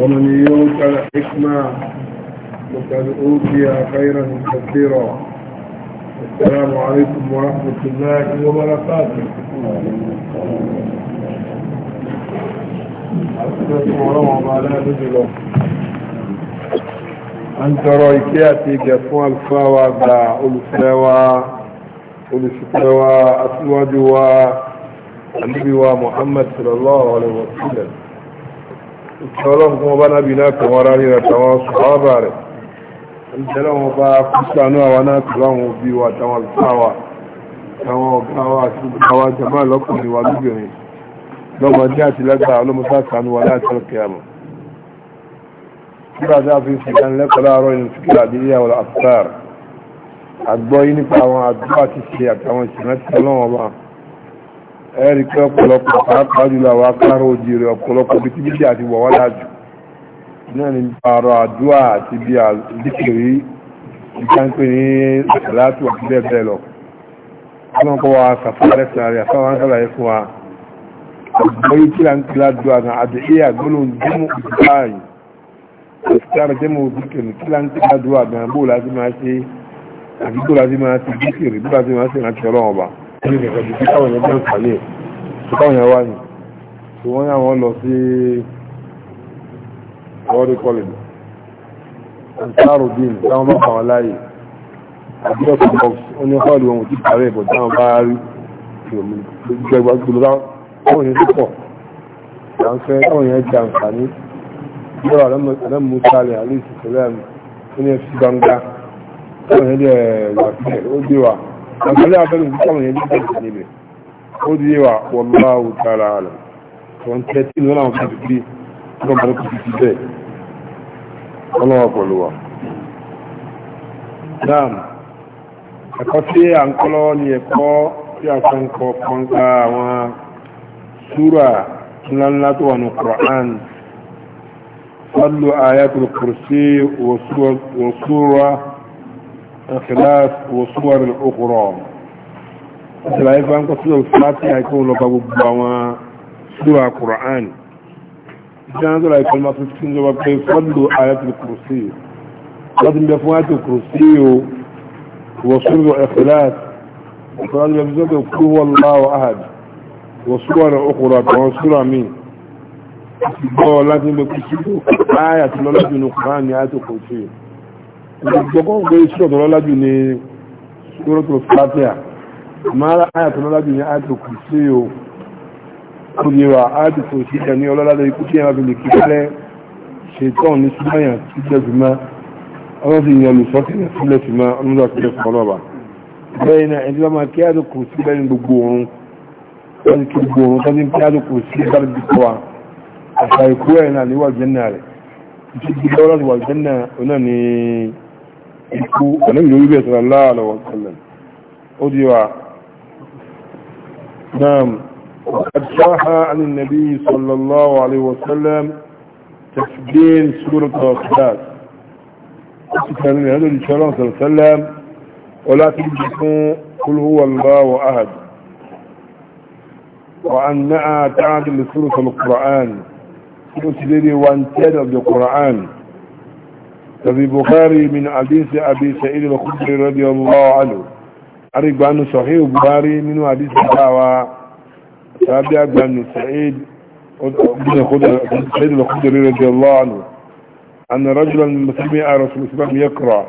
ومن يوت الحكمة وقد أوتي خيرا كثيرا السلام عليكم ورحمة الله وبركاته أنت رأيكياتي جفوان الفاوى ذا ألفاوى ألفاوى أسواجوا النبي محمد صلى الله عليه وسلم ìtọ́lọ́n kuma bá nábi náà kọwọ́ rárí rẹ̀ tàwọn sọ́ọ́bà rẹ̀ ìtẹ́lọ́wọ́ bá kúsànú àwọn náà tàwọn bí wa tàwọn alfáwa tàwọn ọ̀gáwà àti àwọn jama lọ́kùnrin wa lóbìnrin lọ́mọdé àti lẹ́gbà ọlọ́mọdé sànú wa láti ọkẹ́ àmọ́ kíra dáa fi fi kan ẹ̀rí pé ọ̀pọ̀lọpọ̀ pàápàá jùlọ àwọn akáró òjìrè ọ̀pọ̀lọpọ̀ bí tíbí àti wọ̀wọ́ lájú náà ni pààrọ̀ àdúrà àti bí àdíkèrí ìkánpé ní láti wà bẹ́ẹ̀ bẹ́ẹ̀ lọ wọ́n kọ́ wa sàfárẹ́ sàárẹ̀ àfáwọn sàlàyé fún wa ọ̀gbọ́yí kí là ń kí ládùá náà àdéhé àgbọ́lóhùn jẹ́mù ìbáyìí ìsìkára jẹ́mù òdìkèrí kí là ń kí ládùá náà bó láti máa ṣe àdúgbò láti máa ṣe díkèrí ṣùgbọ́n yẹn wá tí wọ́n yà wọ́n lọ sí wọ́n kọlìdì ìsáàrùdín táwọn bá pàwọn láàyè box ó ní ti pàrẹ̀ ìbọ̀ táwọn bá rí ìjọba ó di wa wallahu ta'ala alam wọn tẹ́ tí ní wọ́n láwọn fún ìpínlẹ̀ wọ́n bá kú sí bẹ́ẹ̀ wọ́n lọ́wọ́ pẹ̀lú wa dáàm ẹ̀kọ́ sí à ń kọ́ ní ẹ̀kọ́ tí a fẹ́ ń kọ́ pọ́nká àwọn súrà ńláńlá tó wà ní Qur'an صلوا آيات الكرسي وصور, وصور الإخلاص وصور الأخرى ṣàlàyé bá ń kọ́ sílẹ̀ òṣìláàtì àìkọ́ lọ́ba gbogbo àwọn ṣúra kùránì ìjọba tó ra ìkọlùmọ́ 15 lọ́ba pé fọ́lù ayatul kùrùsí láti bẹ fún ayatul kùrùsí o wọ́sùrù ẹ̀fẹ́láàtì ìkọlùmọ́ bẹ fún sọ́kẹ̀ kú wọ́n láwọ̀ ahad wọ́sùrù rẹ̀ ọkùnrin àtàwọn ṣúra mi gbọ́ láti bẹ kú sí ayatul lọ́lájú àmàrà ayàtọ̀ lọ́lájú ní ayàtọ̀ kù sí o kò ní wà ayàtọ̀ tó sí ẹ̀ ní ọlọ́lá ikú tí ẹ̀rọ lè kí lẹ́ ṣètọ́ ní súnmọ́yà tí jẹ́ fi má ọlọ́run sì yàn lùsọ́kẹ̀yà sílẹ̀ fi má ọlọ́run àti ilẹ̀ fún ọlọ́ba bẹ́ẹ̀ náà ẹni lọ́mọ kí ayàtọ̀ kù sí bẹ́ẹ̀ ní gbogbo òun wọ́n ti gbogbo ó di نعم وقد صح عن النبي صلى الله عليه وسلم تفجير سورة الخلاص كان هذا صلى الله عليه وسلم ولا تجدوا قل هو الله أحد وأنها تعدل لسورة القرآن تسلري وانتدى بالقرآن ففي بخاري من حديث أبي سعيد الخدري رضي الله عنه arígbánu sọ̀hí buhari nínú àdísì dáwà tàbí àgbánu sa'id al-khudri radiyallahu anhu anna rajulan musulmi a rasul islam ya kura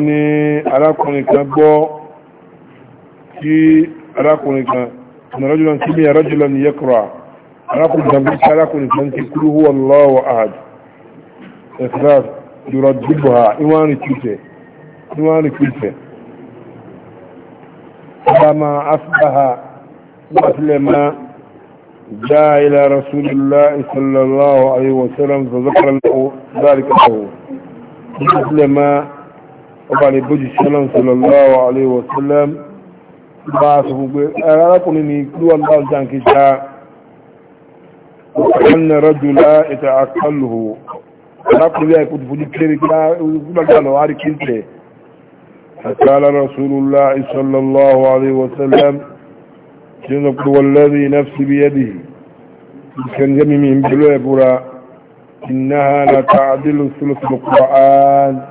ni arákùnrin kan gbọ́ kí arákùnrin kan anna rajulan musulmi a rajulan ya kura arákùnrin kan gbọ́ kí arákùnrin kan ti kúrú huwa allahu ahad فما أصبح مسلما جاء إلى رسول الله صلى الله عليه وسلم فذكر له ذلك له مسلما وقال بجي السلام صلى الله عليه وسلم بعثه أراكم أني كلوا الله جانك جاء وأن رجلا يتعقله أراكم لي أكد فجي كيري كلا وقال له أريك انت فقال رسول الله صلى الله عليه وسلم جنب والذي نفسي بيده كان جميع من بلوبرا إنها لا تعدل ثلث القرآن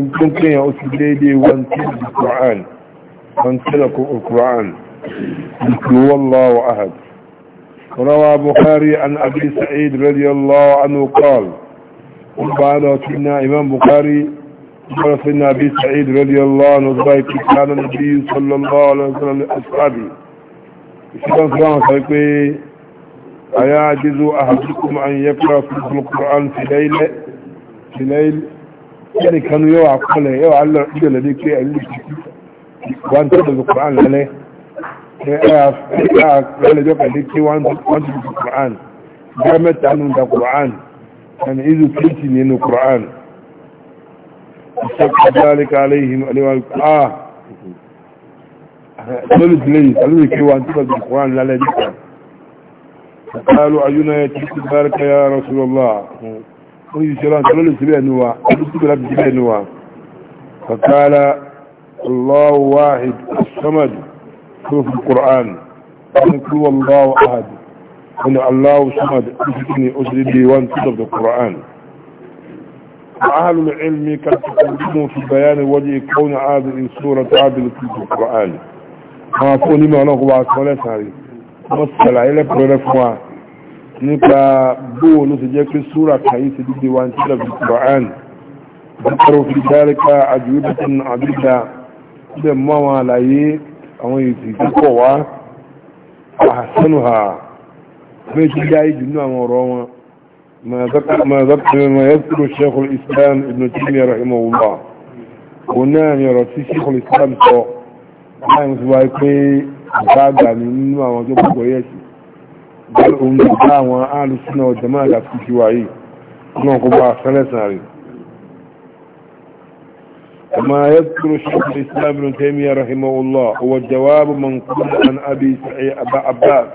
إن كنت يا أسليدي وانتل القرآن وانتلك القرآن قل والله أحد روى بخاري عن أبي سعيد رضي الله عنه قال قل بعد إمام بخاري قال سيدنا أبي سعيد رضي الله عنه ذلك كان النبي صلى الله عليه وسلم لأصحابه الشيطان صلى الله عليه وسلم أيعجز أحدكم أن يقرأ في القرآن في ليلة في ليل يعني كانوا يوعى قوله يوعى الله عجل لديك وأن تقرأ القرآن لله أعرف لا يوقع لديك وأن تقرأ القرآن جامت عنه القرآن يعني إذا كنت من القرآن استقى ذلك عليهم أليوان آه قلت لي قالوا لي كيوان تبقى القرآن لا لا جدا قالوا عيونا يتحكي بارك يا رسول الله قلت شران قالوا لي سبيع نوا قلت لي سبيع نوا فقال الله واحد الصمد شوف القرآن قلت والله أحد قلت الله صمد أسكني أسردي وانتظر القرآن أهل العلم قد تقدموا في بيان وجه كون هذه السورة عادل في القرآن ما أقول لما نقوى أسمالات هذه مسألة إلى برفوا نبقى بو نسجيك سورة كيس جدي وانتلا في القرآن ذكروا في ذلك أجوبة عديدة لما وعليه أو يتقوى أحسنها ماشي جاي جنوان وروان ما ذكر ما ذكر ما يذكر الشيخ الإسلام ابن تيمية رحمه الله هنا يرى الشيخ الإسلام سوء láàrin tí wáyé من ما ní nínú àwọn tó gbogbo yẹ́ sí bẹ́ẹ̀ òun lè bá àwọn alùsínà ọjọ́ máa dà كما يذكر الشيخ الإسلام ابن تيمية رحمه الله هو الجواب من قبل عن أبي سعيد أبا عباس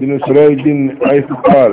بن سريج حيث قال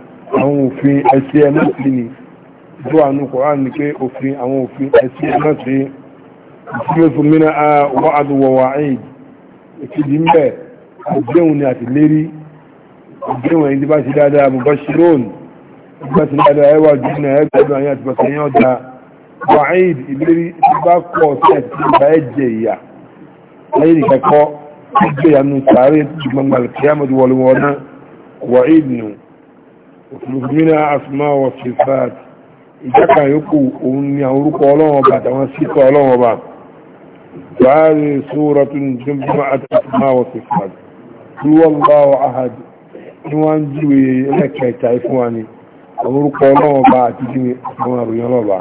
àwọn òfin ẹ̀sí ẹ̀mọ́ sí ni tó àánú Kùránì ní pé òfin àwọn òfin ẹ̀sí ẹ̀mọ́ sí ìfúnfún mìíràn a wà àdúwọ̀wà ẹ̀yìn ìkejì ń bẹ̀ àdéhùn ni àti lérí àdéhùn ẹ̀yìn tí bá ṣe dáadáa mo bá ṣe lóòn bá ṣe dáadáa ẹwà jù náà ẹgbẹ̀rún àyàn àti bàtà yẹn ọ̀dà wà ẹ̀yìn ìlérí tí bá kọ̀ ọ̀sẹ̀ tí bá mùsùlùmínà asma wa sifat ìjákà yòókù òun ni àwọn orúkọ ọlọ́wọ́n ọba àtàwọn síkọ ọlọ́wọ́n ọba wàhálì sóòrọ̀ tó ní jẹ́mọ́ àti asma wa sifat lúwọ́lọ́wọ́ ahad ní wọ́n ń jíwe ẹlẹ́kẹta fún wa ni àwọn orúkọ ọlọ́wọ́n ọba àti kí ni àwọn àròyìn ọlọ́ba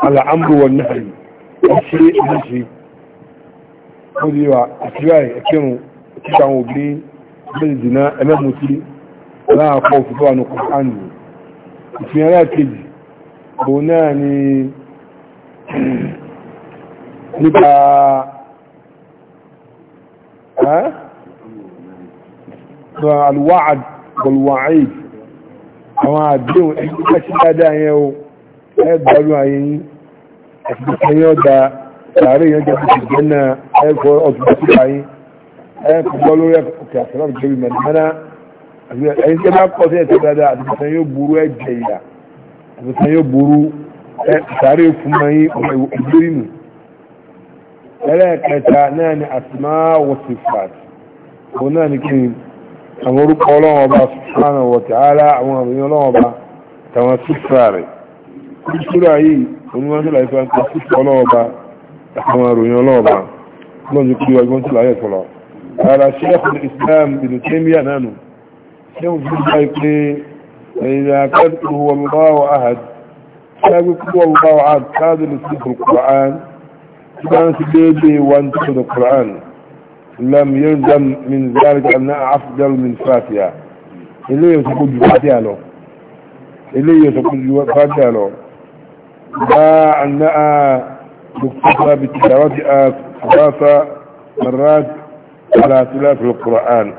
al'amru wa nahyi ṣe ṣe kúrìwà àtìwà ẹ̀kẹ́rùn títà àwọn òbí bẹ́ẹ̀ jìnà ẹlẹ́mùtí láàpọ̀ òfúfú àwọn kòránì ìfihàn láàkejì bò náà ni nípa alwa'ad walwa'id àwọn àdéhùn ẹgbẹ́ sí dáadáa yẹn o ẹgbẹ̀rún ayẹyìn ẹ̀fẹ́ yóò da láàrin yóò jẹ́ bíi jẹ́nà ẹ̀fọ́ ọ̀tún tó bá yín ẹ̀fọ́ bọ́ lórí ẹ̀kọ́ àṣàrà òjòbí mẹ́tẹ́mẹ́ná ẹ̀yìn tí a bá kọ́ sí ẹ̀sẹ̀ dáadáa àtúntàn yóò burú ẹ̀jẹ̀ ìyà àtúntàn yóò àwọn orúkọ ọlọ́wọ́ ọba subhanahu wa ta'ala àwọn àmì ọlọ́wọ́ ọba tàwọn sífà rẹ̀ ìṣúra yìí oníwájú láì fẹ́ kọ́ sísọ ọlọ́ọ̀ba àwọn ìròyìn ọlọ́ọ̀ba lọ́nà kí wọ́n gbọ́n sí láyé fọlọ́ ara ṣẹ́ẹ̀kù islam ìlú tẹ́míà nánu ṣẹ́ẹ̀kù fi gbá pé ẹ̀yìn akẹ́kọ̀ọ́ wọn bá wà áhàd ṣẹ́ẹ̀kù kú wọn bá wà áhàd káàdì lè sí kùrán tí wọ́n ti déédéé wọn tó sọ̀rọ̀ kùrán lam yẹ́ndàm min zalika lọ مع أنها مكتفى بتلاوتها ثلاث مرات على ثلاث القرآن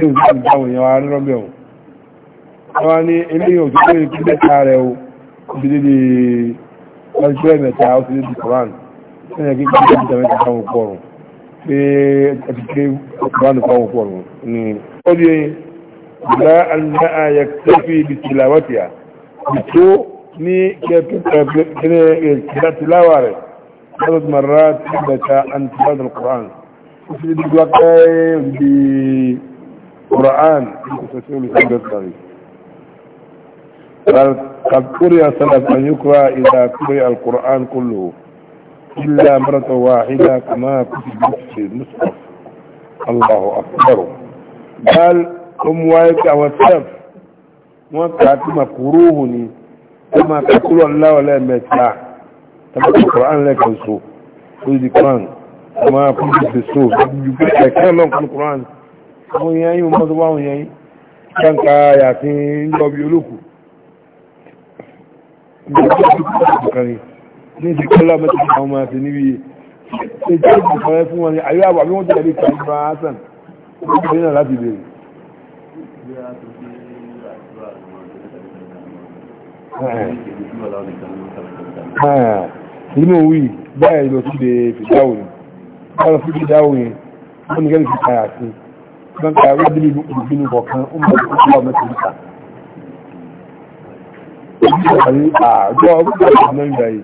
شيء زاد يوان ربيو واني إلي يوجد كده كاريو بدي الجوامع تعاوت لدي القرآن أنا كيف كنت أتمنى أفهم القرآن في أتكلم القرآن أفهم القرآن قولي لا أنها يكتفي بتلاوتها بتو ní kẹtìláwà rẹ̀ lọ́dọ̀ mara tí ó bẹ̀ta an ti bá dùn ƙoran ó sì dí wá káyẹ̀ bí ƙoran ní kò sọ́sí olùsọ́ bẹ̀tàrí kàkúrìyà sálàfàn yóò kúrò ìdá kúrìyà alkùrán kúlò إلا مرة واحدة كما كتبت في المصحف الله أكبر قال أم وايك أو السف وكاتم كروهني كما تقول الله ولا متاع كما القرآن لك الصوف قل ذكران كما قلت في الصوف كان لهم في القرآن àwọn èèyàn yìí mọ́ tó wá àwọn èèyàn yìí ṣáǹkà yàtí lọ́bí olókù ní ti kọ́lá mẹ́ta àwọn ọmọ àti níbi ẹjọ́ ìpínlẹ̀ fún wọn ni àríwá àbí wọ́n tẹ̀lé ìtàlẹ́ nínú wí báyìí lọ sí de fìdáwò ni wọ́n lọ sí fìdáwò yẹn wọ́n ní kẹ́lì fi kàyà sí wọ́n kàyà wọ́n dìbì ìbínú kọ̀ọ̀kan ó mọ̀ sí ọmọ mẹ́ta níta àrí àjọ ọgbọ́n àti mẹ́rin báyìí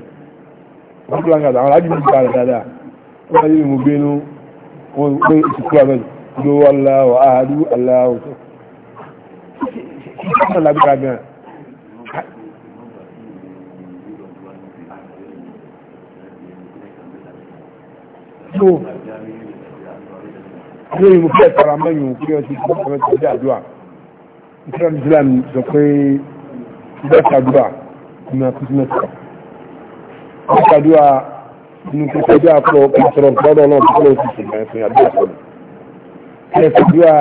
wọ́n tó láǹkà àwọn aláàjì nípa rẹ̀ dáadáa wọ́n láyé mi gbé inú wọn pé ìsìnkú àmẹ́rin ló wà láwọ̀ àádú aláwọ̀ tó tó ilé ìwò fẹ́ fara mẹ́yìn kí ọ ti fi ọmọ tó dé àdúrà ìtura ní islam sọ pé ìgbà sàdúrà ní akúsímẹ́sà ìgbà sàdúrà ní kẹsàdúrà pọ̀ kẹsọ̀rọ̀ gbọ́dọ̀ náà tó lọ sí ìṣẹ̀lẹ̀ ẹ̀fẹ̀ àdúrà sọ̀rọ̀ kẹsàdúrà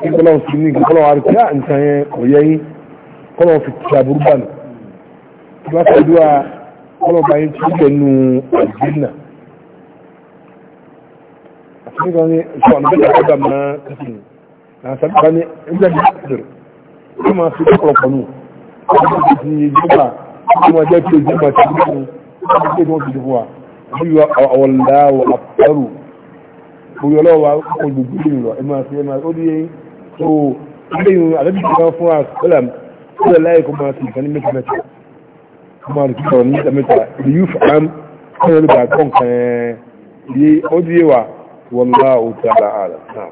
kí kọ́lọ́ sí ní kọ́lọ́ wa rí kí á ah, nǹkan yẹn kò yẹ yín kọ́lọ́ fi ti àbúrú bá nù ìgbà sàdúrà kọ́lọ́ bá yín tó gbẹ̀nu àdínà nígbà ní ìṣọ̀nà bí i ọ̀dà máa ń sàbíkà ní ẹgbẹ́ ní ìṣẹ̀lẹ̀ tó máa fi ọ̀pọ̀lọpọ̀ nù ọdún tó ti jọba tó máa jẹ́ tó jọba tó jọba tó jọba tó jọba bíyọ ọ̀la àpẹrù bóyọ lọ́wọ́ olùgbé ìlú lọ ẹ̀ma sí ẹ̀ma ó díye tó ilé ìrìn àlẹ́bí tó máa fún àṣẹlẹ̀ sílẹ̀ láyé kó máa ti nǹkan ní mẹ́ta mẹ́ta kó máa ti sọ̀rọ̀ ní mẹ́ta mẹ́ta ìlú yóò fà á ń kọ́ والله تعالى أعلم نعم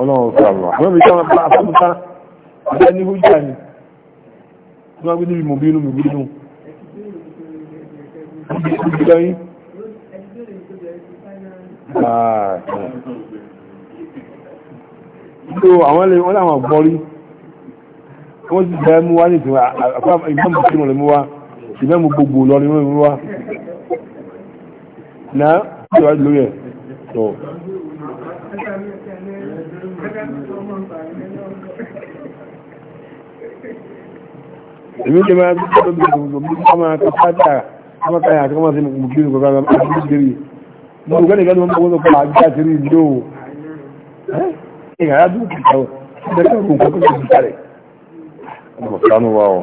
ọlọ́run sọ àwọn àwọn ìjọ àwọn àpapọ̀ta àti ẹni ó jà ní tí wọ́n gbé níbi mò bínú mò bínú ìjọ yìí so àwọn ilé wọ́n láwọn gbọ́rí wọ́n sì jẹ́ mú wá ní ìtìwà àpapọ̀ ìgbọ́n ṣùgbọ́n mo gbogbo lọ ní wọ́n wá náà ṣíwá lórí ẹ̀ tọ́ èmi lè máa bí ọdún bí ọdún bí ọdún máa kọ pátá ọmọ káyà àti ọmọ sí mo gbé nǹkan kan àti bí gbèrè mo gbé nìkan ní ọmọ kan àti àti rí ìdó ìhàrá dúró kìkà ọ̀ ṣẹ́kọ̀ọ́ nǹkan kan kò kìkà rẹ̀ ọmọ kanú wa ọ̀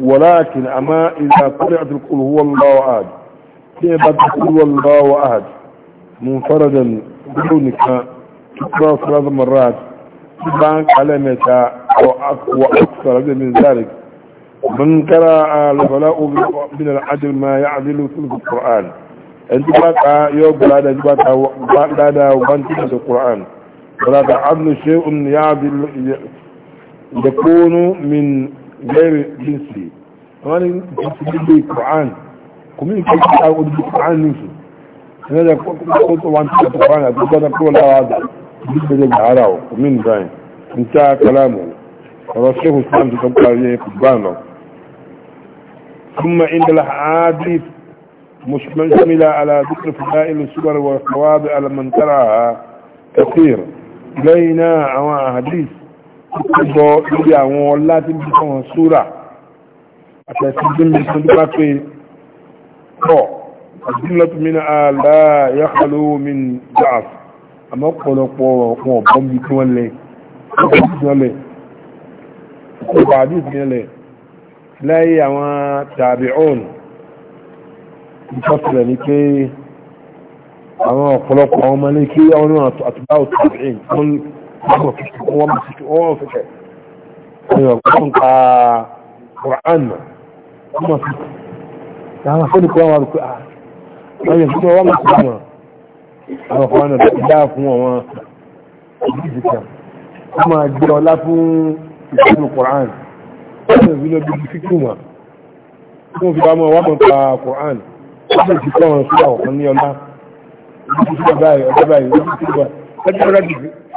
ولكن أما إذا قرأت قل هو الله أحد كيف تقول هو الله أحد منفردا بدونك تقرأ ثلاث مرات تبان كلمة وأكثر من ذلك من قرأ لفلاء من العدل ما يعدل ثلث القرآن أنت بقى يقول هذا بقى هذا وبنت القرآن ولا تعدل شيء يعدل يكون من غير جنسي وانا جنسي بي قرآن كمين كيف تقول بي القرآن نفسه هذا قلت طبعا القرآن أتبقى كل هذا جدا عراو كمين باين انتا كلامه ورسيه السلام تتبقى عليه قبانه ثم عند الحادث مش مشتملة على ذكر فضائل السبر والخواب على من ترعها كثير إلينا عواء حديث ìpẹ́bọ lórí àwọn ọlá tí bí kọ́ wọn súrà àtẹ̀sí gbẹ́mí tó dúpá pé pọ̀ àdínlọ́tùmínà aláyàkàlómi dáàf àmọ́ pọ̀lọpọ̀ ọ̀pọ̀ ọ̀bọ̀n bí kí wọ́n lẹ̀ ọ̀pọ̀ àdínlẹ̀ láyé àwọn tàbí ọ̀n ìfọ́sílẹ̀ ní pé àwọn ọ̀pọ̀lọpọ̀ ọmọ ní kí wọ́n àtúbáwò tàbí ọ̀n ọmọ fífẹ́ ọmọ fífẹ́ ọmọ fífẹ́ ọmọ fífẹ́ ọmọ ọmọ fífẹ́ láwọn afẹ́nìkọ́ wọn rúkú àwọn yẹn fún wọn wọ́n kọ́ wọn àwọn ọkọ̀ wọn dá fún wọn ìdíjìká wọ́n máa gbé ọlá fún ìṣẹ́nu Qur'an wọ́n yẹn fún ọdún fífún wọn wọ́n fi bá wọn wọ́n pa Qur'an wọ́n yẹn fi kọ́ wọn sí àwọn kan ní ọlá wọ́n fi sí ọjọ́ báyìí ọjọ́ báyìí wọ́n fi sí ọjọ́ báyìí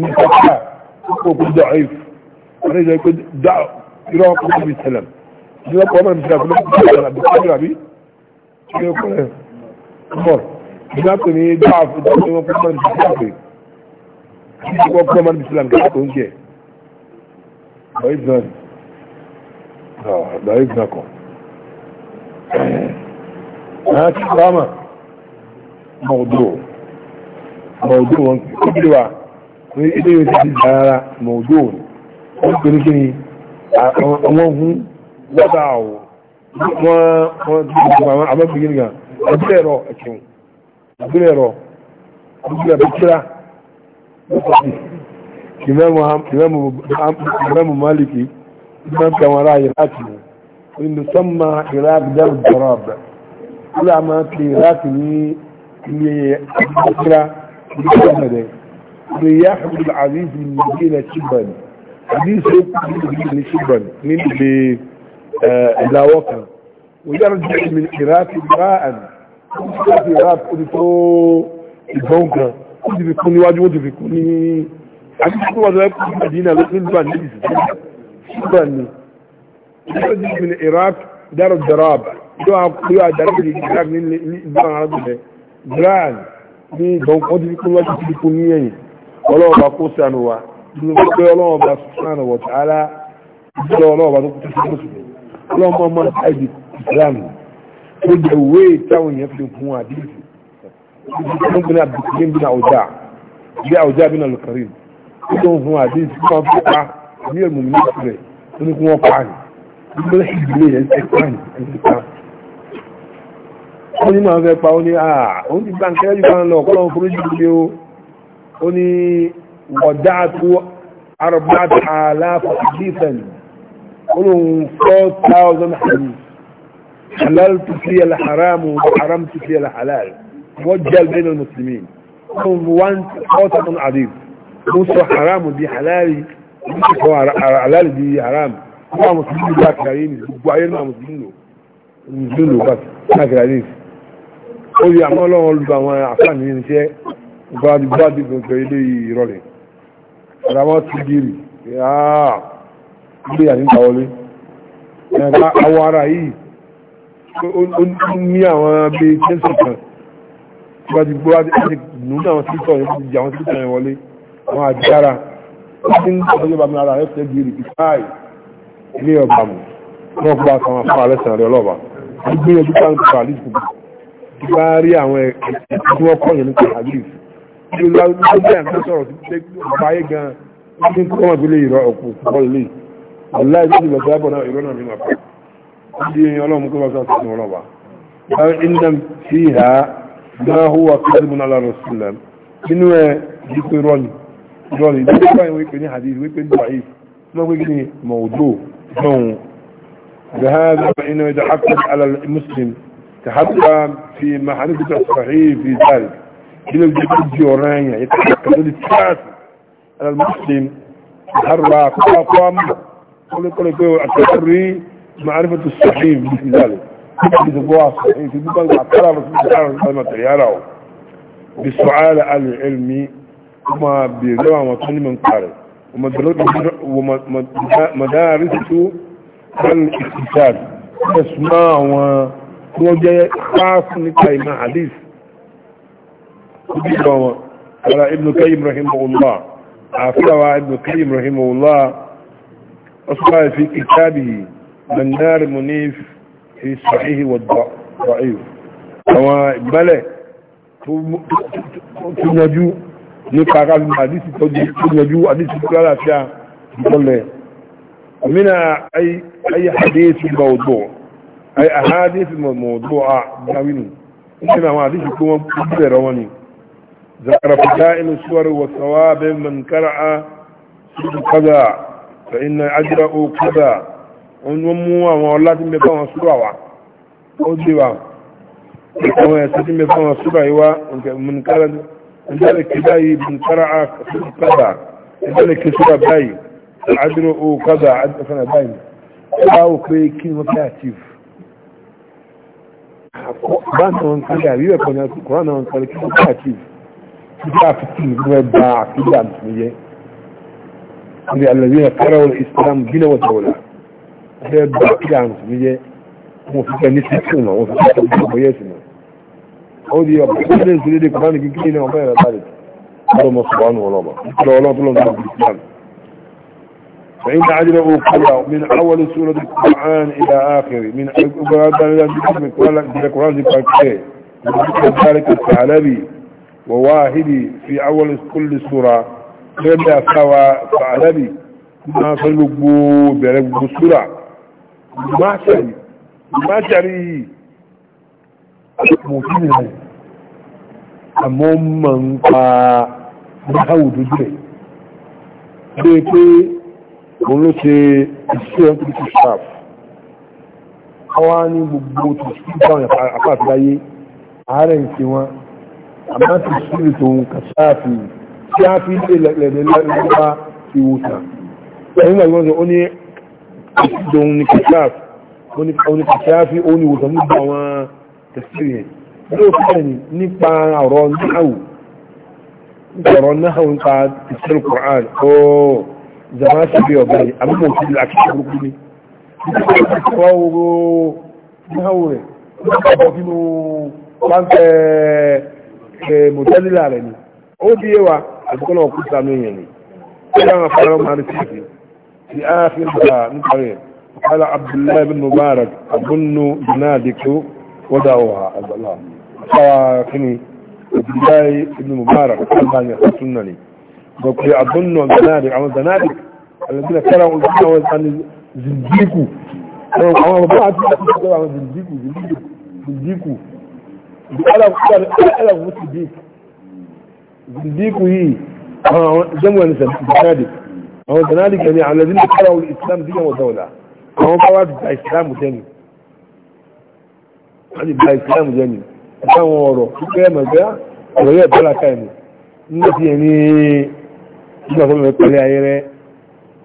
ní kọ́kọ́ kókó kó dọ̀ọ́if wọ́n yẹ kó dọ̀ irọ́ kó tóbi sẹlẹ̀ ìdílé kọ́ ọmọ ìdílé kọ́ tóbi sẹlẹ̀ àbí kọ́kọ́ àbí ìdílé kọ́ rẹ̀ mọ̀ ìdílé kọ́ ní dọ̀ọ́f ìdílé kọ́ ọmọ ìdílé kọ́ rẹ̀ ìdílé kọ́ ọmọ ìdílé kọ́ tó ń jẹ dọ̀ọ́if náà dọ̀ọ́if náà kọ́ àwọn akíkọ́ àmà mọ̀ọ́dọ̀ mọ̀ọ́dọ̀ wọn kó bí wa ilé yóò ti di dára mọ̀ọ́dọ́ òní wọ́n ti pèrè kíni àwọn ohun lọ́dà àwọ̀ wọ́n ti di àwọn abẹ́gbẹ̀gbẹ̀ nìkan ẹgbẹ́ ẹ̀rọ ẹ̀kẹ́wọ̀n ẹgbẹ́ ẹ̀rọ ẹgbẹ́ ẹ̀rọ kíra ìmẹ́mù máàlìkì ìmẹ́mù kẹwàrá yìí láti mú inú sọ́mà iraq dẹ́rù dọ́rọ̀ ọ̀bẹ̀ ó lè máa ti iraq ní ilé ẹgbẹ́ kíra ìgbẹ́ ẹ̀rọ رياح بن العزيز من مدينة شبا حديث من شبا من بلاوكا ويرجع من عراق ماء في عراق قلتو البونكا قلت بيكون واجب قلت عزيز حديث هو ذلك مدينة لبا نجس شبا يرجع من عراق دار الدراب دعا قلوا درب العراق من البان عربي براعن ni don kodi kun wajibi kun yayin ọlọ́ọ̀bá kó sànù wa ní pé ọlọ́ọ̀bá sànù wọ̀ tààlà ìjọ ọlọ́ọ̀bá tó kúta sí mùsùlùmí ọlọ́ọ̀bá máa ṣáàjì ìsìlámù ó jẹ ìwé táwọn èèyàn fi fún àdéhùn ó bí abdulkarim bin awuja bí awuja bin alukarim ó tó ń fún àdéhùn tí wọ́n fi pa ní ẹ̀mú mi nípa rẹ̀ ní kí wọ́n pa ni ó ìdílé yẹn ṣe pa ni ẹ̀ pa ó ní màá fẹ́ pa ó ní à ó ní ọ̀dáàtú arbáàtú aláàfà àdífẹ̀n olóhun 4,000 hàní halaltu fi alharamu haramtu fi alhalal wajjal bain almuslimin olóhun 1,000 adif mo sọ haramu di halali mo sọ halali di haramu mo àwọn musulmi bá kìláyé ní gbogbo ayé náà musulmi lò musulmi lò bá kìláyé ó yẹ àwọn ọlọ́run olùgbà gbáàdìgbáàdì gbogbo ilé ìrọ̀lẹ̀ ara wọ́n ti gírì ilé àníta wọlé ẹ̀ka awọ ara yìí ó ní àwọn abẹ́ tẹ́sì kan gbáàdìgbáàdì nù náà títọ̀ yẹn ti jà wọn títọ̀ yẹn wọlé wọn àjára ó ti ń gbọ́ ọjọ́ bàmí ara rẹ̀ tẹ́ gírì káì ilé ọba mu wọn kó bá kan fún alẹ́sàn rẹ̀ ọlọ́ba gbígbé ojú táwọn tó kà á lè fò bí wọ́n rí àwọn ẹ̀kẹ́ tí wọ́n kọ́ yẹn nípa àgbègbè ló lọ lójú àǹtí sọ̀rọ̀ tó ṣe ọba ayé gan ní kí wọ́n fi lè rọ ọ̀pọ̀ bọ́ọ̀lù lè ọ̀la ìlú ìlú ọ̀sẹ̀ àbọ̀ náà ìrọ́nà mi máa pa ìdí ọlọ́run kó bá sọ àti ìwọ̀n ọba báyọ̀ iná fi hà náà hó wa kí ẹ̀dùn náà lọ sílẹ̀ nínú ẹ̀ yìí pé rọ́ọ̀nì rọ́ọ̀nì ìdí pé báyìí wípé ní hadith wípé ní wàhí wọ́n pé kí ni mọ̀ọ́dọ̀ lọ́hùn بهذا فإنه يتحقق على المسلم تحقق في محركة الصحيح في ذلك إلى الجديد جورانيا يتحقق الاتفاق على المسلم تحرى قوام كل كل كل التحري معرفة الصحيح مثل ذلك في القوى الصحيح في بطن الطرف السبحانه بالسؤال بسؤال العلم وما بذوى وطن من قارئ ومدارسه الاقتصاد اسماء وجه خاص لكلمة حديث على ابن كيم رحمه الله عفوا ابن كيم رحمه الله أصبح في كتابه من نار منيف في الصحيح والضعيف هو بلى تنجو نقرأ من حديث تنجو حديث كلا فيها بقول من أي أي حديث موضوع أي أحاديث موضوعة جاوين إنما حديث كما بيروني ذكر فدائل السور والثواب من كرع كذا فإن أجره كذا ونموا والله تنبقى سورة أدوا وهو يستجمع فهو سورة من كرع من ذلك باي من كرع كذا من ذلك سورة باي أجره كذا أدفنا باي أو كي كلمة كاتف ba na wankan da biyu da kwanar kwanar wankan da kisa katifu جاء في التين هو باع كل عام سمية الذين كرهوا الإسلام بلا ودولة هذا باع كل عام سمية مو في كان يسمعونه مو في كان يسمعونه أودي يبقى لين سيدي كمان كيكينا وما إلى ذلك هذا ما سبحانه ولا ما ولا طلع من الإسلام فإن عجبه قرأ من أول سورة القرآن إلى آخر من أقرأ ذلك القرآن ذلك القرآن ذلك الثعلبي وواهدي في أول كل سورة ربع سوى فعلبي ما صلبوا بربو سورة ما شري ما شري mọ̀tí nìyẹn àmọ́ mọ̀ ń pa báwò dúdú rẹ̀ bí i pé òun ló ṣe ìṣẹ́ tó ti àwọn ní gbogbo tó ṣe báwọn àpáàtì ààrẹ ìṣẹ́ wọn amma tafsiri to ka shafi shafi ne lẹ́lẹ́lẹ́ lọ́wọ́ ti wuta ẹ̀yìn wọ́n yóò ní don ni ka shafi wọ́n ni ka shafi ó ní wuta nígbà àwọn tafsiri yẹn yóò fẹ́ ni nípa ọ̀rọ̀ náhù ọ̀rọ̀ náhù nípa tafsiri Qur'an ó zama sí bí ọ̀gá yìí àmì mọ̀ sí àkíkà burúkú ni wọ́n wo náhù rẹ̀ wọ́n bọ̀ nínú pàǹtẹ̀ẹ́ mọ̀tẹ́lílà rẹ̀ ni ó bí yé wa àtúkọ́lọ̀ ọ̀kú sànú èèyàn ni ó yà wọn fara máa ń sèkì ti áàfin bá nípa rẹ̀ قال عبد الله بن مبارك أظن جنادك ودعوها عبد الله فكني عبد الله بن مبارك قال بان يخصنني وقال أظن جنادك عمل جنادك الذين كرهوا الزنا وزن زنديكو أنا ما بعرف زنديكو زنديكو زنديكو alam musu dik zindiku yi jamuwa nisan zanadik àwọn zanadik ne alazin da kawo islam dinan wa daula àwọn kawo da islam jani wani da islam jani àwọn ọ̀rọ̀ kíkẹ́ ẹ̀mẹ̀gbẹ́ ọ̀rọ̀ yẹ bọ́lá káìmù nígbà tí ẹni nígbà tó mẹ́rin pẹ̀lẹ́ ayẹrẹ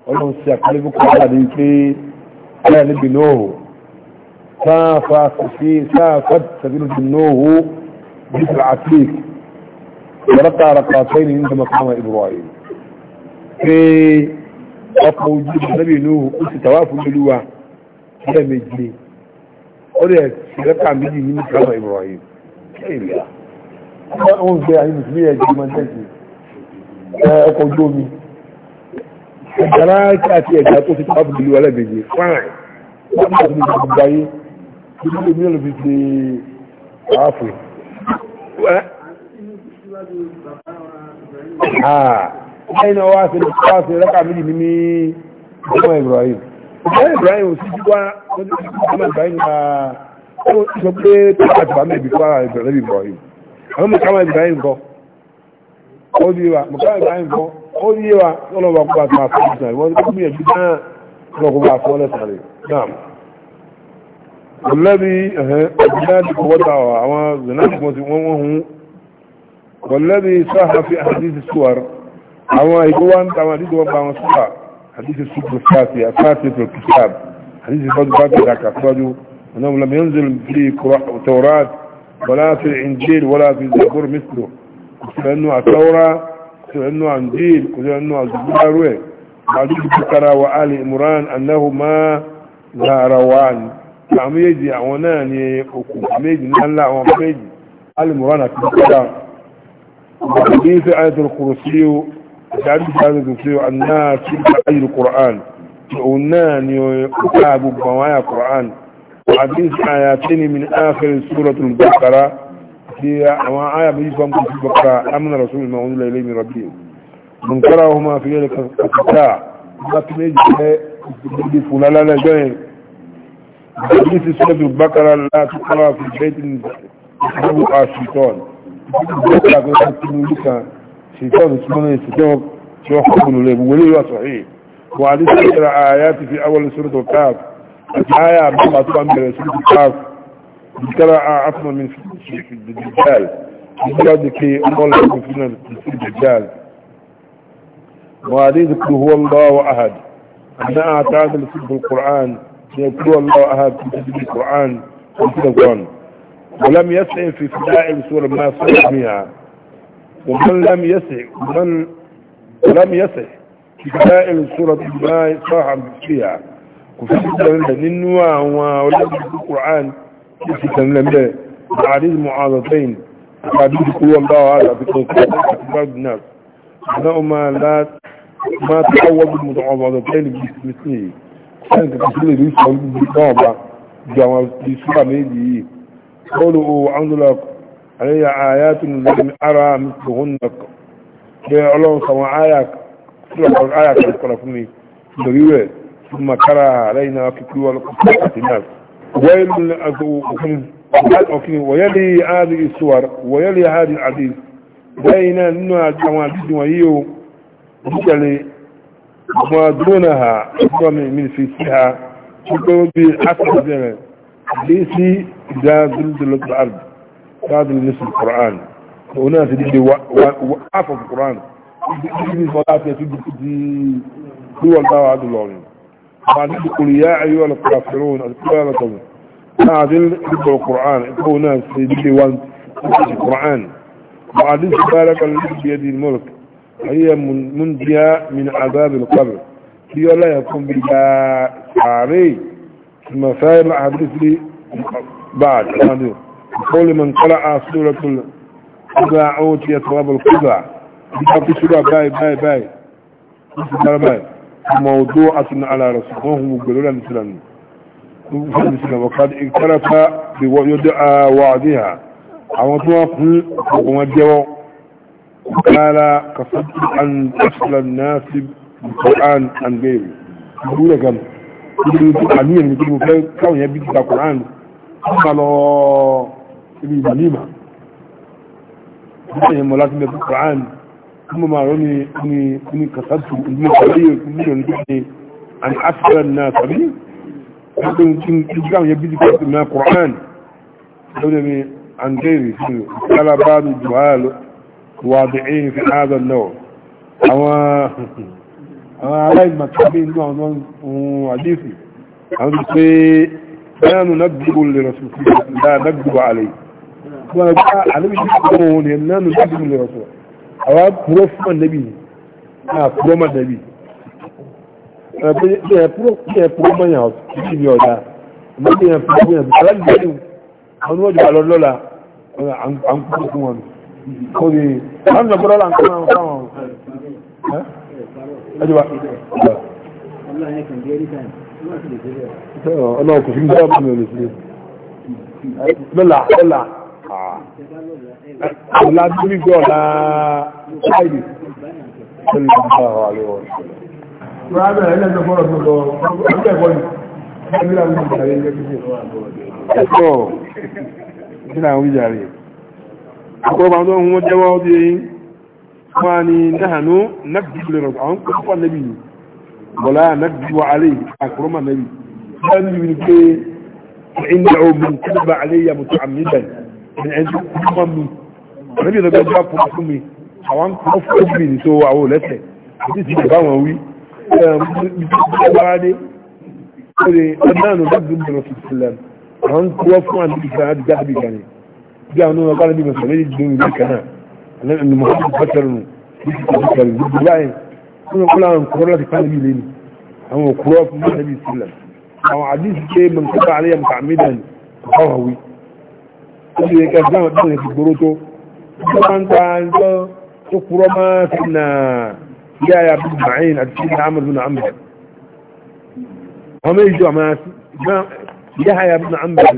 ọlọ́run sí àkálẹ́bùkọ́ àdéhùn pé ayà níbi náà سافت في سافت سبيل جنوه مثل عتيق ورقى رقاتين عند مقام إبراهيم في ọkọ̀ ojú ìrìnàbí inú oṣù tàwáfù lóluwà ilẹ̀ méjì ó rẹ̀ ṣẹlẹ́kà méjì ní mùsùlùmí Ibrahim kẹ́ìlá wọ́n gbé ayé mùsùlùmí ẹ̀jẹ̀ ìmọ̀jẹ́jì ọkọ̀ ojú omi ẹ̀jẹ̀ aláàkí àti ẹ̀jẹ̀ tó ti tàwáfù lóluwà lẹ́bẹ̀ẹ́jì fáìn wọ́n mú ìdílé mi ò lè fi ṣe àáfù. lẹ́yìn náà wá sí wá sí rẹ́kà méjì ní ọmọ Ibrahim ọmọ Ibrahim ò sí ti wá ọmọ Ibrahim na ó sọ pé tó bá ti bá mẹ́bí fún ara Ibrahim Ibrahim àwọn mọ̀kámà Ibrahim kọ́ ó di wa mọ̀kámà Ibrahim kọ́ ó di wa ọlọ́wọ́ kó bá ti máa fọ́ ìsìn àwọn náà lọ́kọ́ bá fọ́ náà والذي ذلك وضعوا عوام ذنب وهو والذي صح في أحاديث السور عوام يقوان عوام حديث وضع مصطفى حديث السور الفاتحة في الكتاب حديث الفاتحة فاتحة أخرجه أنه لم ينزل في توراة ولا في الإنجيل ولا في الزبور مثله لأنه التوراة لأنه إنجيل لأنه الزبور بعد البقرة وآل إمران أنهما لا روان àwọn méjì àwọn náà ni okùn méjì ńláńlá àwọn méjì alìmọ̀rán àti ìpàdà bí i sí ayatul kùrùsí o ìṣàbí ìṣàbí kùrùsí o àná sí ayil kùrán òun náà ni ọ̀ká gbogbo àwọn àyà kùrán àti àyàtí ni min áfẹ́rẹ́ suratul Baqara ti àwọn àyà méjì fún kùrùsí Baqara amúnà rasul ma wọn lè mi rabbi mun kára wọn ma fi yẹ kàtàkà láti méjì fẹ́ ìdí fúnlá lálẹ́ jọyìn مثل سورة البقرة لا تقرأ في البيت يحبها الشيطان الشيطان لك شيطان اسمه يستجوب شو حكم له ولي صحيح وعليه ذكر آيات في أول سورة الكاف الآية ما تبقى من سورة الكاف ذكر عفوا من في الدجال يقول لك أمر لكم في الدجال وعليه ذكر هو الله أحد أنا أعتاد في القرآن يقول الله أحد تجد القرآن في القرآن ولم يسع في فداء سورة ما صلح بها ومن لم يسع ومن لم يسع في فداء سورة ما صاح فيها وفي سورة للنواع ولم يسع القرآن في سورة بعديد معاذتين بعديد قوة الله هذا في تنقل الناس أنهما لا ما تعوض المتعوضتين بمثله ẹni kankan sílẹ̀ ní sọ náà bá ju àwọn ti súra méjì yìí kọlu o angela àríyá àyà tó ń lè ní ara mi tó hún nà pé ọlọ́run sàwọn àyà sílẹ̀ ọ̀rọ̀ àyà kan kọ̀ọ̀kan fún mi lórí rẹ̀ fún makara àlẹ́yìn náà kíkúrú ọlọ́kùnrin àti náà wọ́n lè ọkùnrin ọkùnrin wọ́n lè ìṣòwàr wọ́n lè àádìí àdìí náà nínú àwọn àdìí wọ̀nyí o وما دونها أكثر من فيسها تقوم بحسب الزمن ليسي إذا زلزلت الأرض هذا نصف القرآن هنا تجد وحفظ القرآن تجد صلاة تجد هو الله عز وجل بعد يقول يا أيها القرافرون أذكر لكم تعدل اتبع القرآن هو ناس تجد وانت القرآن وعدل تبارك الذي بيده الملك هي منجية من عذاب القبر في الله يكون بها عاري المسائل حدث لي بعد يعني قول من قرأ سورة القضاء عوت ثواب القضاء يقول سورة باي باي باي سورة باي موضوعة على رسولهم وقالوا مثلا وقد اقترف بوعدها وعدها عوضوا فوق مجيوه قال قصدت أن تسأل الناس بالقرآن عن غيره يقول كم يقول أمير يقول كم كم يبيك القرآن قال ابن بنيمة يقول ملاك من القرآن ثم ما رمي أني أني قصدت ابن كبير يقول أن أسأل الناس به يقول كم يبيك القرآن عن غيره قال بعض الجهال واضعين في هذا النوع àwọn àwọn ará ìgbàtàbí inú àwọn ohun àdífì àwọn tó pé bẹ́ẹ̀nù náàbùgbò lè rọ̀sùn sí dáadágbò àlè wọ́n rẹ̀ bá àlébìjì fún òun ni náàbù náàbùgbò lè rọ̀sùn àwọn púrọ̀ fún ànẹ́bì náà púrọ̀ mọ́ ànẹ́bì ẹ̀ púrọ̀ mọ́ yàn sí ní ọ̀dá ọmọdé yàn púrọ̀ mọ́ yàn sí alájẹ́ àwọn ọjọ́ àlọ́lọ́la àwọn púrọ̀ fún wọn kòdì wọ́n jọ gbọ́dọ̀ láǹkà náà fáwọn ẹjọba ọlọ́wọ́ kò fi ń gbọ́ ọ̀pọ̀ mẹ́rin sí lọ́la lọ́la ọ̀la bí gbọ́ ọ̀la ṣáìdì Ráàbẹ̀ ẹlẹ́gbẹ̀ fọ́rọ̀ tó lọ, ọjọ́ ìwọ́n ni, ẹgbẹ́ ìlànà ìjàre ẹgbẹ́ ìjàre. Ẹ̀sọ́, ìjìnà ìjàre akwai ba zuwa kuma jawa wajen yi kuma ni na hannu na biyu da an kafa nabi ne bala na biyu wa alai a kurma nabi ɗan biyu ne ke in da omen kuma ba alai ya mutu amidan in yanzu kuma mu nabi na gaba kuma kuma a wọn kuma kuma biyu ne so جاء نونا قال النبي صلى الله عليه وسلم ذلك أنا أنا أن محمد بشر بشر ضد الله كنا نقول عن كرة كان بي لين أو كرة من النبي صلى الله عليه وسلم أو عزيز شيء من كتب عليه متعمدا فهوي كل ذلك أسلام الدين في بروتو طبعا تعالى تقرأ ما كنا يا يا بن معين أتكلم عمر بن عمر هم يجوا ما يا يا بن عمر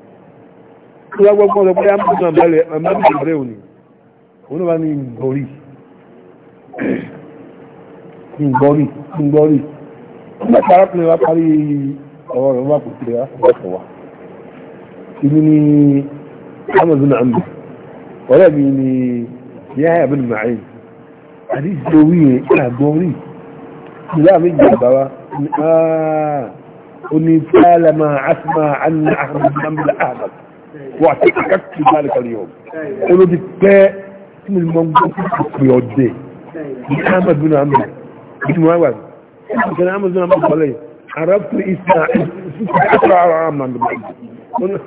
lọ́gbọ́gbọ́n lọ pé a mọ̀ náà bẹ̀rẹ̀ mẹ́bí bẹ̀rẹ̀ òní òun bá ní ìgbọ́rí ìgbọ́rí ìgbọ́rí mẹ́ta arákùnrin wa parí ọ̀rọ̀ rẹ̀ wà kò tẹ̀lé ọ̀pọ̀ wa ìlú ni amadu na ambi ọ̀rẹ́ mi ni yahya bin ma'in àdìsí orí yẹn àgbọ́rí ìlà mi jẹ́ àbáwá ó ní fẹ́lẹ̀ máa asma anna ahmed ahmed ahmed wà tí kàkà tù bá nìkan yọ olódi pẹ́ tí mo mọ gbọ́ kó pè ọ́ dé ní ahmed bin ahmed bin muhammad bin ahmed bin ahmed kọ́lẹ̀ arabtu isa ìfúkà ara ahmed bin ahmed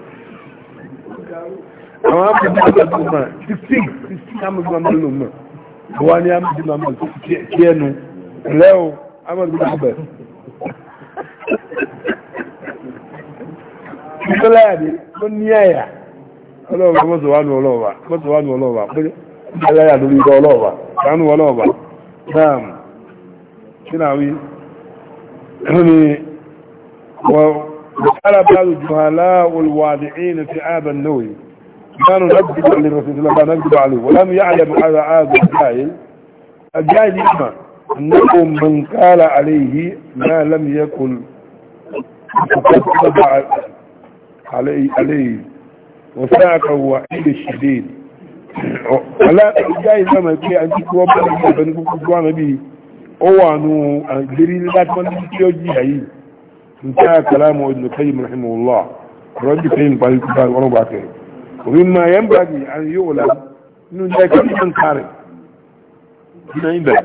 àwọn ahmed bin ahmed bin ahmed sixty sixty ahmed bin ahmed bin ahmed wọ́n ní ahmed bin ahmed tiẹ̀ nu lẹ́wọ̀ ahmed bin ahmed. ìtọ́láyàdé tó ní ẹ̀yà ọlọ́ọ̀bà mọ́sọ̀wánú عليه وساك هو عند الشديد ولا جاي زما بي ان تكو بان بان كو جوانا بي او وانو ان دري لات من تيوجي هي انتهى كلام ابن القيم رحمه الله رد كلمة بعد كبار وربعته ومما ينبغي أن يعلم أنه لا كلمة قارئ هنا عندك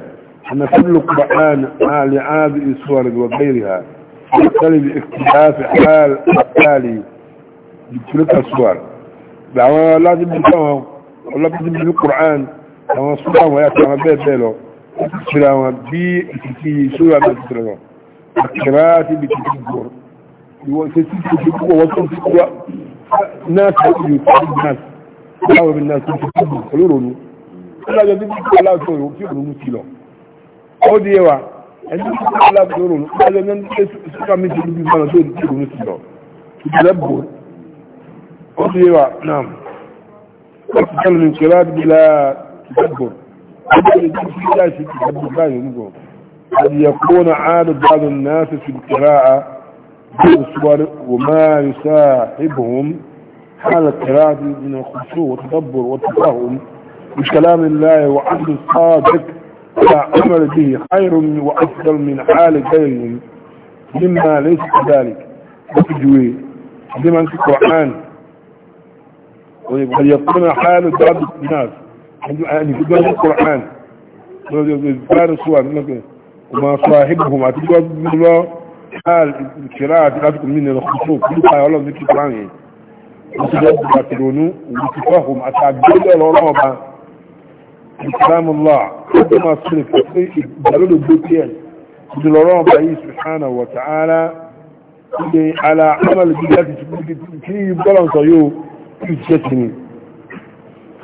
أن كل القرآن مع لعاب السور وغيرها يختلف اختلاف حال التالي ìtìlẹ́ta suwar àwọn aláàdínmí táwọn ọlọ́pìdínmí ní Qur'an àwọn súnmọ́ àwọn yàtọ̀ àwọn bẹ́ẹ̀ bẹ́ẹ̀ lọ ó ti ṣẹlẹ̀ àwọn bí ìtìtì ìṣòro àti ìṣẹlẹ̀ lọ àkìrá àti ìbìtìtì gbọ́ ìwọ̀n ṣe tí kò ṣe púpọ̀ wọ́n tó ti kúwa náà tó ti yòókù àti náà láwọn ẹni náà tó ti kú olórònú ó lájọ tí kò aláàtọ̀ ìwọ̀n tí òun mú ti lọ ó di ẹwà ẹni قضية نعم أفضل من كلاب بلا تدبر أفضل لا بلا تدبر لا ينظر أن يكون عاد بعض الناس في القراءة بالصور وما يساحبهم حال القراءة من الخشوع والتدبر والتفاهم بكلام الله وعبد الصادق لا عمل به خير وأفضل من حال غيرهم مما ليس كذلك جوي لمن في القرآن وهل يكون حال الضرب الناس يعني في دول القرآن كانوا سواء وما صاحبهم أتجوا من الله حال القراءة لكم من الخصوص كل حال الله ذكر القرآن يعني وتجد تقولون وتفهم الله كلام الله كما صرف دلول البيتين دل الله سبحانه وتعالى على عمل بذلك كي يبقى لهم حجتهم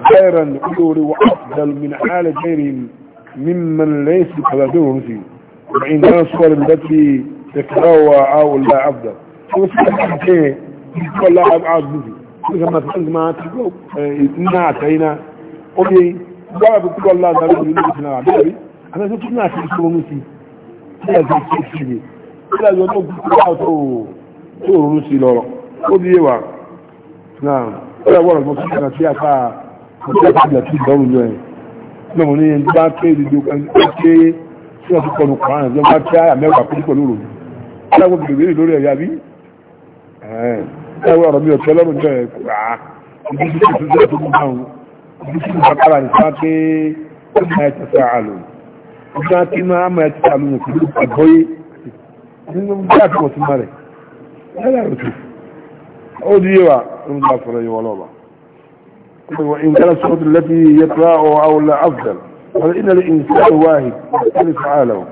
خيرا أدور وأفضل من حال غيرهم ممن ليس قدرهم فيه وإن كان صور التي تكراوى أو لا أفضل وسبحانه كيه يقول الله أبعاد بذي مثل ما تنز ما تقول إنا أتينا قولي بعض تقول الله نبي من نبينا عبدالي أنا سأقول ناس يسمون نسي لا يسمون نسي لا يسمون نسي لا يسمون نسي لا يسمون náà ó yà wọ́n fún ìgbà tí a fa ọ̀tí àpàdé àti ìdánwò yọ ẹ̀ náà mo ní ẹni bá ké ìdíje ké tí wọ́n ti kọnu kọ́ àrùn ìjọba tí àyà mẹ́wàá kú pẹ̀lú rò aláwọ̀ bèrè lórí ẹ̀yà bí ẹ̀wọ̀ ọ̀rọ̀ mi ọ̀tí ọlọ́run jọ ẹ̀ kúrà ibi tí kò tó tó gbà wọn ibi tí kò kára ní sá pé ó máa ti sá àlò ọjọ́ tí máa máa ti ó di yíwa ń bá fúnra yíwa وإن كان الصوت التي يقرأها أو لا أفضل فإن الإنسان واحد يختلف عاله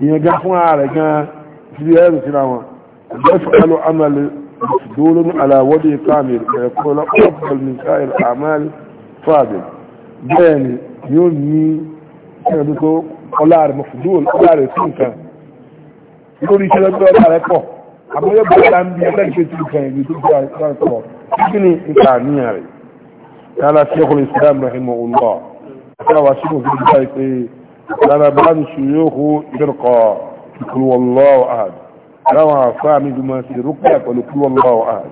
ينجحون على كان في هذا السلام يفعل عمل مفضول على وجه كامل فيقول أفضل من سائر الأعمال فاضل بين يوني كذلك قلار مفضول قلار سنكا يقول يشلبه على كوه àmọ́ yóò bọ́ta ń bí ẹgbẹ́ tí ó kàn ní tó bí àwọn ọ̀pọ̀ kí ni ìta àníyàn rẹ̀ kálá sí ọkùnrin islam rahimu allah kálá wa sínú òfin bíbá pé lára bá ní ṣe yóò hó ìdọ́kọ̀ ìkúrúwọ́lọ́wọ́ ahad láwọn àfá mi bí máa ṣe rúkúyà pẹ̀lú kúrúwọ́lọ́wọ́ ahad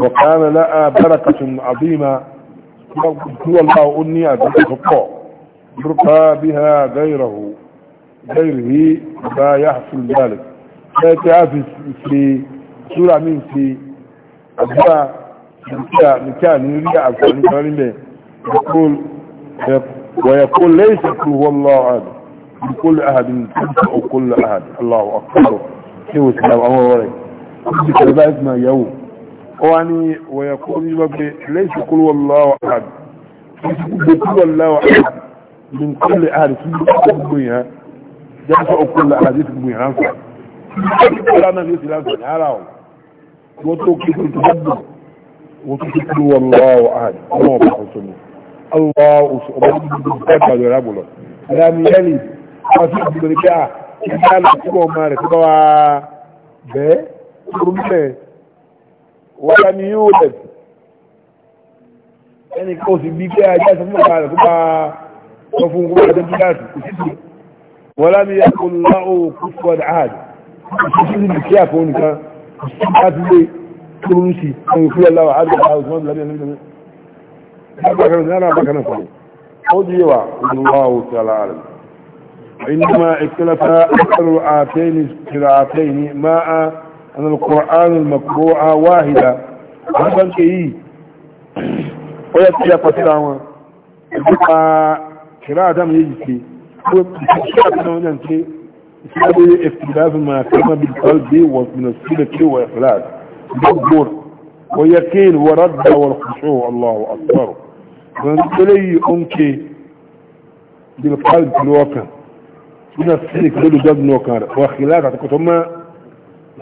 bọ̀kánà láà bára kàtùn ẹ̀kẹ́ àfi ṣe ṣúra mi ṣe àdúrà nìkíà ní rí àǹfààní kan rí bẹ̀ wọ̀yẹ̀kó lẹ́yìn ṣẹ̀kú wọ́n lọ́wọ́ àdùn بكل أحد وكل أحد الله أكبر شو سلام أمر وري كل بعد ما يوم واني ويقول يبقى ليس كل والله أحد بكل الله أحد من كل أحد في الدنيا جاء كل أحد في الدنيا ìgbàlá náà ní ìsìlá ìsìlá ara ọ̀ wọ́n tó kí kí tó dùn wọ́n tó kí kí wọ́n lọ́wọ́ ìṣẹ́jú ní kí àkóhùn nìkan láti lé kúrú sí ọmọ ìfúyà láwà àdúgbà àwọn ọmọ ìlàbí ẹ̀lẹ́gbẹ̀rẹ̀ lábàkàrẹ̀ sí alábàkàrẹ̀ fún ó di yíwa olùwàwò sí aláàrẹ̀ عندما اختلف أكثر آتين قراءتين مع أن القرآن المقروء واحدة هذا كي ويتجف سلاما يبقى قراءة من يجي هو يتجف سلاما هذه اختلاف ما كان بالقلب ومن السلة وإخلاص دبر ويقين ورد والخشوع الله أكبر فنقلي أنك بالقلب الوكا من السلة كله جد نوكا وخلاف هتكتما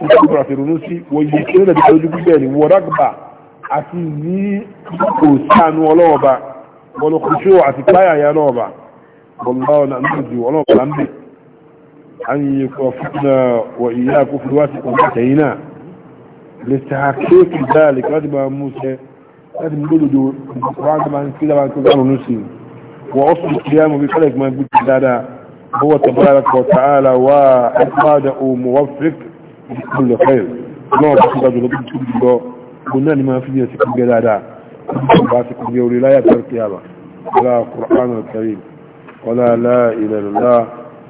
تكبر في رنوسي ويقين بالقلب بجاني ورقبة عسيني وسان ولوبة والخشوع عسيكايا يا لوبة والله نعمل جي ولوبة نعمل أن يوفقنا وإياكم في الواسع ومتعينا لتحقيق ذلك لازم موسى لازم نقول دول القرآن طبعا كده بعد كده قالوا نسي وأصل القيام بفلك ما يقول كده هو تبارك وتعالى وإخراجه موفق لكل خير ما أصل هذا الذي تقول قلنا لما فيه سكن جدادا باسك بيولي لا يترك يابا ولا القرآن الكريم ولا لا إله إلا الله